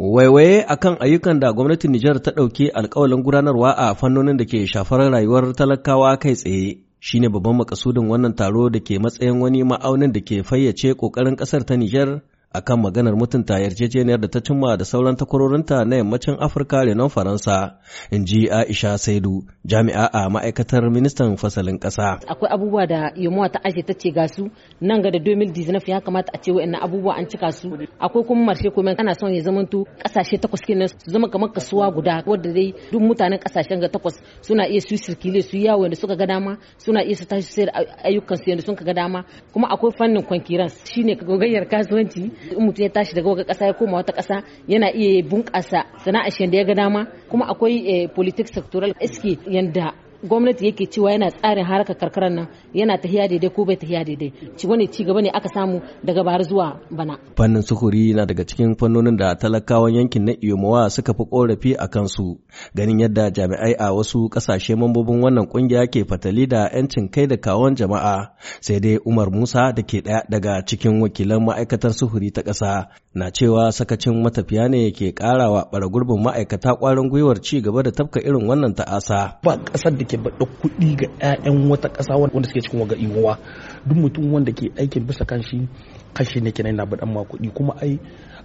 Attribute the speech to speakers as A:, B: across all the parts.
A: Waiwaye a kan ayyukan da gwamnatin Nijar ta ɗauki alkawalin gudanarwa a fannonin da ke shafar rayuwar talakawa kai tsaye shi ne babban makasudin wannan taro da ke matsayin wani ma'aunin da ke fayyace ƙoƙarin ƙasar ta Nijar akan maganar mutunta yarjejeniyar da ta cimma da sauran takwarorinta na yammacin Afirka renon Faransa, in ji Aisha Saidu, jami'a a ma'aikatar ministan fasalin ƙasa.
B: Akwai abubuwa da yamuwa ta aje ta ce ga su nan ga da 2019 ya kamata a ce wa'in abubuwa an cika su. Akwai kuma marshe kuma ana son ya zamanto ƙasashe takwas kenan su zama kamar kasuwa guda wadda dai duk mutanen ƙasashen ga takwas suna iya su sirkile su yawo da suka ga dama suna iya su tashi sayar ayyukan su yadda sun ga dama kuma akwai fannin kwankiran shine gogayyar kasuwanci in mutum ya tashi daga wata ƙasa ya koma wata ƙasa yana iya bunƙasa sana'ar shi da ya ga dama kuma akwai eh, politics sectoral iski yanda gwamnati yake cewa yana tsarin harkar karkarar nan yana tahiya daidai ko bai tahiya daidai ci wani ci gaba ne aka samu daga bara zuwa bana
A: fannin sukuri na daga cikin fannonin da talakawan yankin na iyomawa suka fi korafi a kansu ganin yadda jami'ai a wasu kasashe mambobin wannan kungiya ke fatali da yancin kai da kawon jama'a sai dai umar musa da ke daya daga cikin wakilan ma'aikatar sukuri ta ƙasa na cewa sakacin matafiya ne ke karawa bara gurbin ma'aikata kwarin gwiwar ci gaba da tafka irin wannan ta'asa ba
C: kasar da ke bada kuɗi ga 'ya'yan wata ƙasa wanda suke cikin waga iwuwa duk mutum wanda ke aikin bisa kan shi kashi ne kenan na baɗan ma kuɗi kuma ai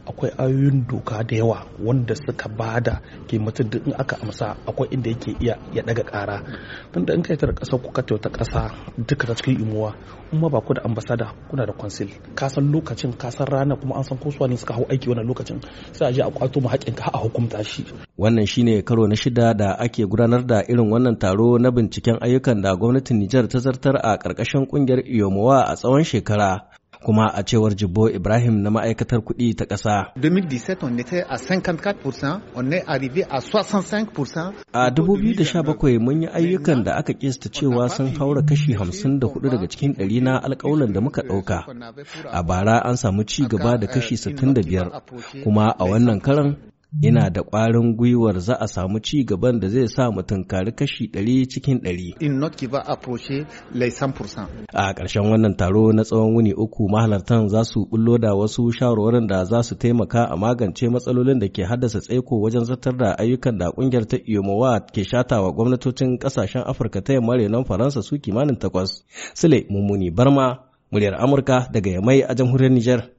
C: akwai ayoyin doka da yawa wanda suka bada ke mutum in aka amsa akwai inda yake iya ya daga kara tunda in kai ta kasar ku kace wata kasa duka ta cikin imuwa kuma ba ku da ambasada kuna da kwansil ka san lokacin ka san rana kuma an san ko ne. idan suka hau aiki wannan lokacin sai a je a kwato mu haƙƙinka a hukunta shi
A: wannan shine karo na shida da ake gudanar da irin wannan taro na binciken ayyukan da gwamnatin Nijar ta zartar a ƙarƙashin ƙungiyar Iyomowa a tsawon shekara kuma a cewar Jibbo Ibrahim na ma'aikatar kuɗi ta ƙasa.
C: 2017 on était à 54%, on est arrivé à 65%.
A: A 2017 mun yi ayyukan da aka kista cewa sun haura kashi 54 daga cikin ɗari na alƙawuran da muka ɗauka. A bara an samu ci gaba da kashi 65 kuma a wannan karan ina da ƙwarin gwiwar za a samu ci gaban da zai sa mutum tunkari kashi 100 cikin 100. In not give up approche lai 100%. A ƙarshen wannan taro na tsawon wuni uku mahalartan za su bullo da wasu shawarwarin da za su taimaka a magance matsalolin da ke haddasa tsaiko wajen zartar da ayyukan da ƙungiyar ta IOMOWA ke shatawa gwamnatocin ƙasashen Afirka ta yamma renon Faransa su kimanin takwas. Sule Mummuni Barma, muryar Amurka daga Yamai a jamhuriyar Nijar.